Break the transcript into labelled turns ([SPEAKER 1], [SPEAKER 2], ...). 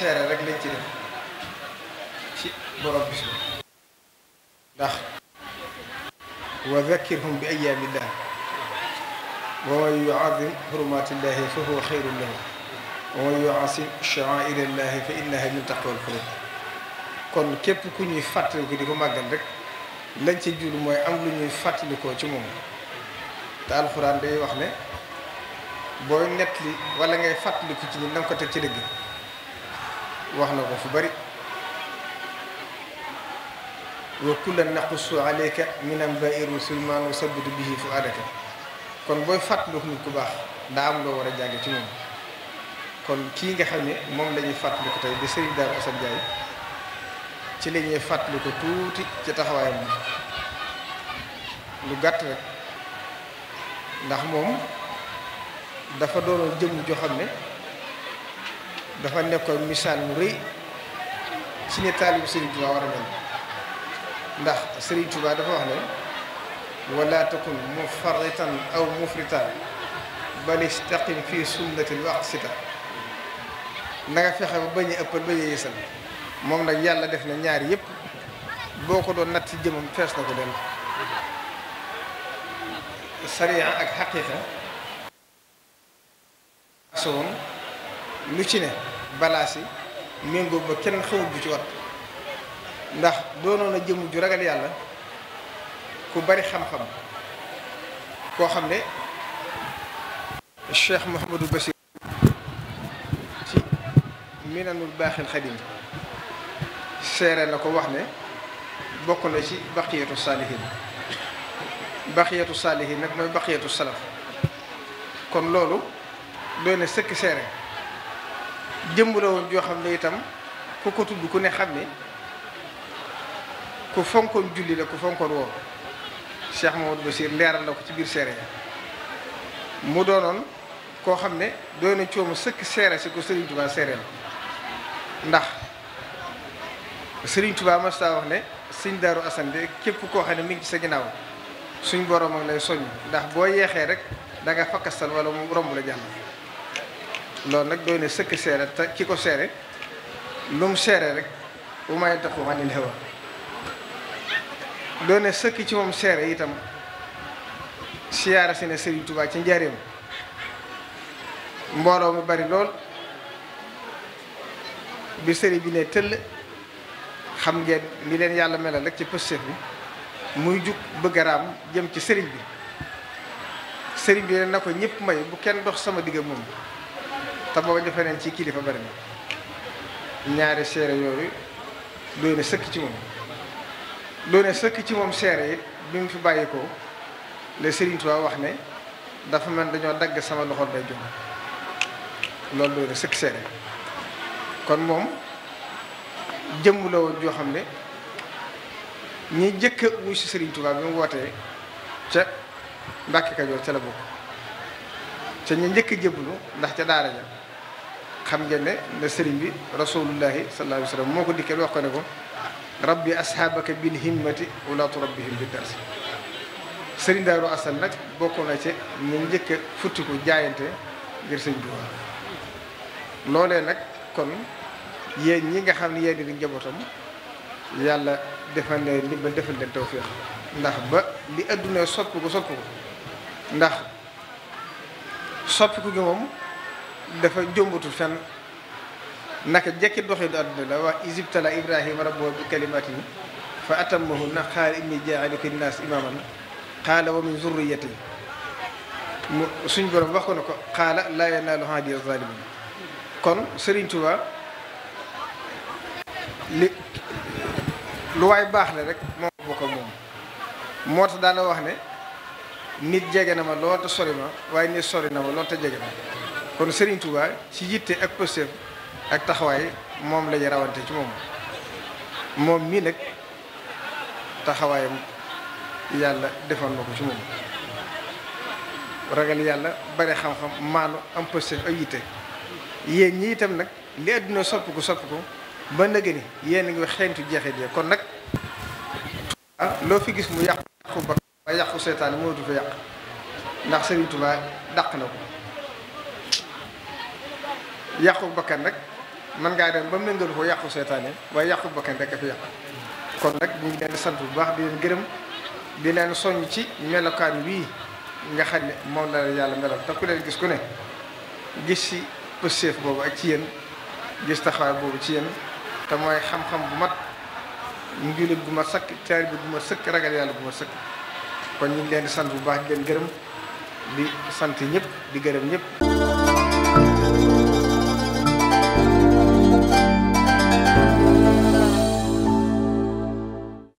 [SPEAKER 1] seere rek lañ ci def ci borom bis bi ndax wa zakkirhum bi ayaamillah wa man yuazim xurumaatillahi fa huwa xayrun lahu wa man yuasim shaairallahi fa innaha min taqwal qulub kon ñuy fàttaliku di ko rek lañ ci jul mooy am lu ñuy fàttalikoo ci moom te alxuraan day wax ne booy nett li wala ngay fàttaliku ci ni na ko teg ci dëgg wax na ko fu bari wa kullan naqussu alayka min anba'i rusul ma nusabbitu fu fu'adaka kon booy fàttaliku nit ku baax daa am loo war a jànge ci moom kon kii nga xam ne moom la ñuy fàttaliku tey di Serigne Darou Assane Ndiaye ci la ñuy fàttaliku tuuti ci taxawaayam lu gàtt rek ndax moom dafa doonoon jëm joo xam ne. dafa nekkoon misaal mu rëy ci ne taalibu Serigne Touba war a mel ndax Serigne Touba dafa wax ne wala takun mufarritan aw mufritan bal istaqim fi sunnatil waqt sita na nga fexe ba bañ a ëppal ba yeesal moom nag yàlla def na ñaar yëpp boo ko doon natt ci jëmam fees na ko dem sariya ak xaqiiqa soon لكن بلاسي ميغو بكن خو بجوات دا دونو نا جيمو جو رغال يالا كو بري خام خام كو خام لي الشيخ محمود البشير سي من الباخ الخديم سير نكو واخني بوكو لا سي بقيه الصالحين بقيه الصالحين نك بقيه السلف كون لولو دوني سك سيري jëmm la woon joo xam ne itam ku ko tudd ku ne xam ne ku fonkoon julli la ku fonkoon woon Cheikh Mamadou Bassir leeral na ko ci biir seere mu doonoon koo xam ne doy na coomo sëkk seere si ko Serigne Touba seere la ndax Serigne Touba mas taa wax ne sëñ Daaru Asan de képp koo xam ne mi ngi ci sa ginnaaw suñ boroom ak lay soññ ndax boo yeexee rek da nga fakkastal wala mu romb la jàll loolu nag doy na sëkk seere te ki ko seere lu seere rek bu may taxu anil hawa doy na sëkk ci moom seere itam siyaara si ne Serigne Touba ci njaareem mbooloo mu bari lool bi sëriñ bi ne tëll xam ngeen ni leen yàlla melal rek ci pëstef bi muy jug bëgg a raam jëm ci sëriñ bi sëriñ bi ne na ko ñëpp may bu kenn dox sama digg moom te booba defe neen ci kilifa bari na ñaari seere yooyu doo sëkk ci moom doo sëkk ci moom seere yi bi mu fi bàyyi ko le Serigne wax ne dafa mel dañoo dagg sama loxo day jox loolu doo ne sëkk seere kon moom jëmm la woon joo xam ne ñi jëkk a wuy si Serigne Touba bi mu wootee ca Mbàkke Kajoor ca la bokk ca ñu njëkk a ndax ca daara ja xam ngeen ne ne sëriñ bi rasulullahi sallallahu alayhi wa moo ko dikkee wax ko ne ko rabbi asxaabaka bil himmati walaatu rabbihim bi darsi sëriñ daaru asal nag bokk na ci ñu njëkk a futti ko jaayante ngir sëñ bi loolee nag kon yéen ñi nga xam ne yéen di njabootam yàlla defal leen ndimbal defal leen ndax ba li adduna soppi ko soppi ko ndax soppi ko gi moom دفع جمبوت فن نك جاك دوخي دارنا لوا إزبت على إبراهيم ربه بكلماته فأتمه نقال إني جاعلك الناس إماما قال ومن ذريتي سن برم بخون قال لا ينال هذه الظالم كن سرين توا لواي باخ رك مو بوكو موم موت دا لا واخني نيت جيغي نما لوتو سوري ما واي ني سوري نما لوتو جيغي kon sëriñ tubaa ci yitte ak pëstéef ak taxawaay moom lañuy ñu rawante ci moom moom mii nag taxawaayam yàlla defal na ko ci moom ragal yàlla bare xam-xam maanu am pëstéef ak yitte yéen ñi itam nag li àdduna sopp ko sopp ko ba nëgë ni yéen a ngi xeeñtu jeexit yi kon nag ah loo fi gis mu yàqu yàqu ba yàqu seetaan moo du fa yàq ndax Serigne Touba dàq na ko yàqu bakkan rek man ngaa dem ba méngal ko yàqu seytaane waaye yàqu bakkan rek fi yàqu kon nag ñu ngi leen di sant bu baax di leen gërëm di leen soññ ci melokaan wii nga xam ne moom la yàlla melal te ku leen gis ku ne gis si pëseef boobu ak ci yéen gis ci xam-xam bu mat njulit bu ma sëkk bu ma sëkk ragal bu ma sëkk kon ñu ngi leen di sant bu baax di leen gërëm di sant ñëpp di gërëm ñëpp